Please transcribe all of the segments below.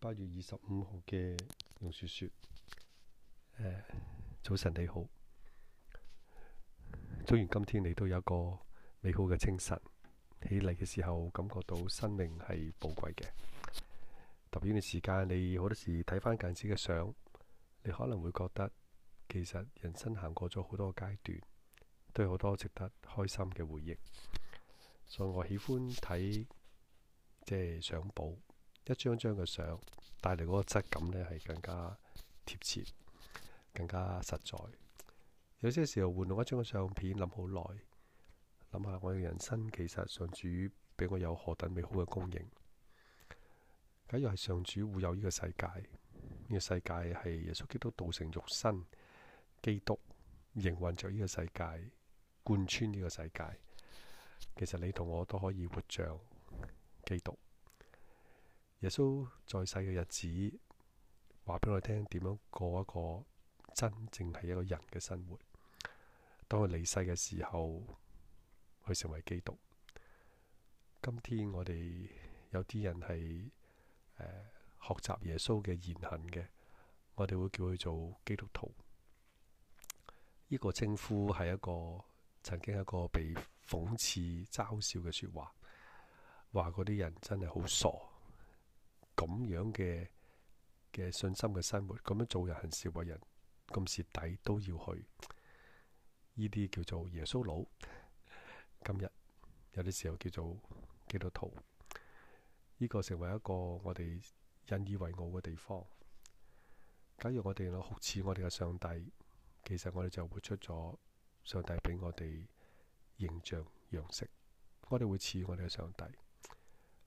八月二十五號嘅龍雪雪，uh, 早晨你好，祝願今天你都有個美好嘅清晨，起嚟嘅時候感覺到生命係寶貴嘅。特別呢段時間，你好多時睇翻近子嘅相，你可能會覺得其實人生行過咗好多階段，都有好多值得開心嘅回憶。所以我喜歡睇，即係相簿。一張嘅相帶嚟嗰個質感呢，係更加貼切，更加實在。有些時候換動一張相片，諗好耐，諗下我嘅人生其實上主俾我有何等美好嘅供應？假如係上主護佑呢個世界，呢、這個世界係耶穌基督道成肉身，基督營運着呢個世界，貫穿呢個世界，其實你同我都可以活像基督。耶穌在世嘅日子，話俾我哋聽點樣過一個真正係一個人嘅生活。當佢離世嘅時候，佢成為基督。今天我哋有啲人係誒、呃、學習耶穌嘅言行嘅，我哋會叫佢做基督徒。呢、這個稱呼係一個曾經一個被諷刺嘲笑嘅說話，話嗰啲人真係好傻。咁樣嘅嘅信心嘅生活，咁樣做人行事為人咁徹底，都要去呢啲叫做耶穌佬。今日有啲時候叫做基督徒，呢個成為一個我哋引以為傲嘅地方。假如我哋好似我哋嘅上帝，其實我哋就活出咗上帝俾我哋形象樣式。我哋會似我哋嘅上帝。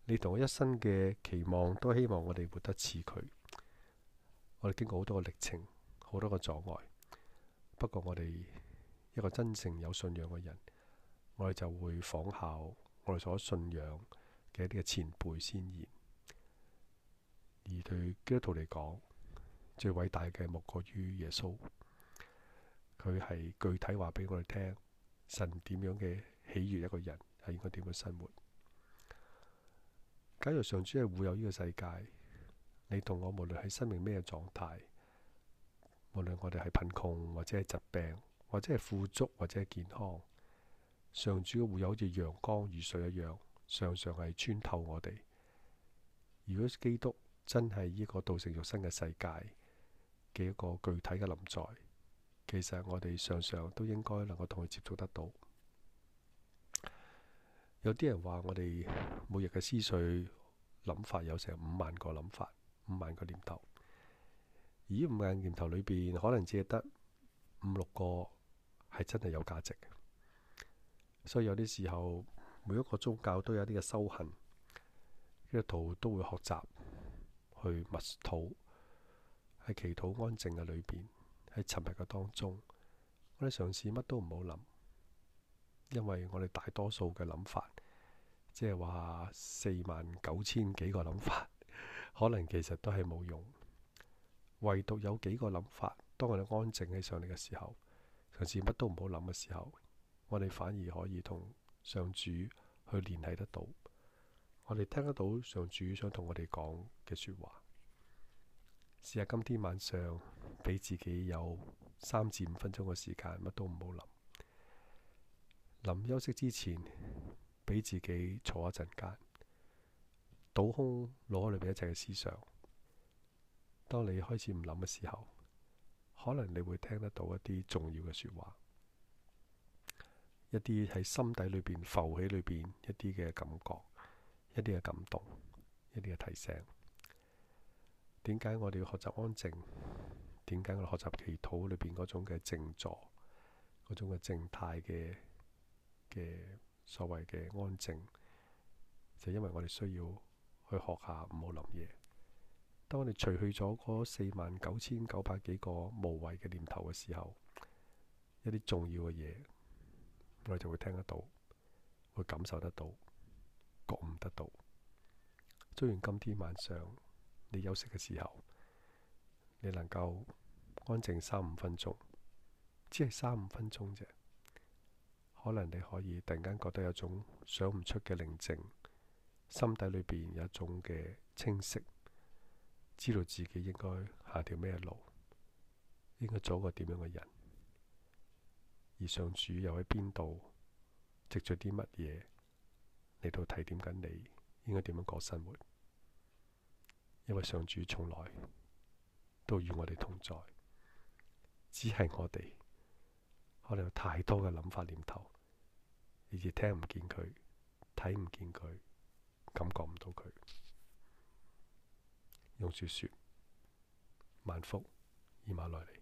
你同我一生嘅期望，都希望我哋活得似佢。我哋經過好多嘅歷程，好多嘅阻礙。不過我哋一個真誠有信仰嘅人，我哋就會仿效我哋所信仰嘅一啲前輩先賢。而對基督徒嚟講，最偉大嘅莫過於耶穌。佢係具體話俾我哋聽，神點樣嘅喜悅一個人，係應該點樣生活。假如上主係護佑呢個世界，你同我無論喺生命咩狀態，無論我哋係貧窮或者係疾病，或者係富足或者係健康，上主嘅護佑好似陽光雨水一樣，常常係穿透我哋。如果基督真係呢個道成肉身嘅世界嘅一個具體嘅臨在，其實我哋常常都應該能夠同佢接觸得到。有啲人話我哋每日嘅思緒諗法有成五萬個諗法，五萬個念頭。咦？五萬個念頭裏邊，可能只係得五六個係真係有價值嘅。所以有啲時候，每一個宗教都有啲嘅修行，基督徒都會學習去密禱，喺祈禱安靜嘅裏邊，喺沉寂嘅當中，我哋嘗試乜都唔好諗。因為我哋大多數嘅諗法，即係話四萬九千幾個諗法，可能其實都係冇用。唯獨有幾個諗法，當我哋安靜起上嚟嘅時候，嘗試乜都唔好諗嘅時候，我哋反而可以同上主去聯繫得到。我哋聽得到上主想同我哋講嘅說話。試下今天晚上俾自己有三至五分鐘嘅時間，乜都唔好諗。臨休息之前，俾自己坐一陣間，倒空腦海裏邊一切嘅思想。當你開始唔諗嘅時候，可能你會聽得到一啲重要嘅說話，一啲喺心底裏邊浮起裏邊一啲嘅感覺，一啲嘅感動，一啲嘅提醒。點解我哋要學習安靜？點解我哋學習祈禱裏邊嗰種嘅靜坐，嗰種嘅靜態嘅？嘅所謂嘅安靜，就是，因為我哋需要去學下唔好諗嘢。當我哋除去咗嗰四萬九千九百幾個無謂嘅念頭嘅時候，一啲重要嘅嘢，我哋就會聽得到，會感受得到，覺悟得到。雖然今天晚上你休息嘅時候，你能夠安靜三五分鐘，只係三五分鐘啫。可能你可以突然間覺得有種想唔出嘅寧靜，心底裏邊有一種嘅清晰，知道自己應該下條咩路，應該做一個點樣嘅人，而上主又喺邊度，藉咗啲乜嘢嚟到提點緊你，應該點樣過生活？因為上主從來都與我哋同在，只係我哋。我哋有太多嘅諗法念頭，以至聽唔見佢，睇唔見佢，感覺唔到佢。用小説，萬福以馬內利。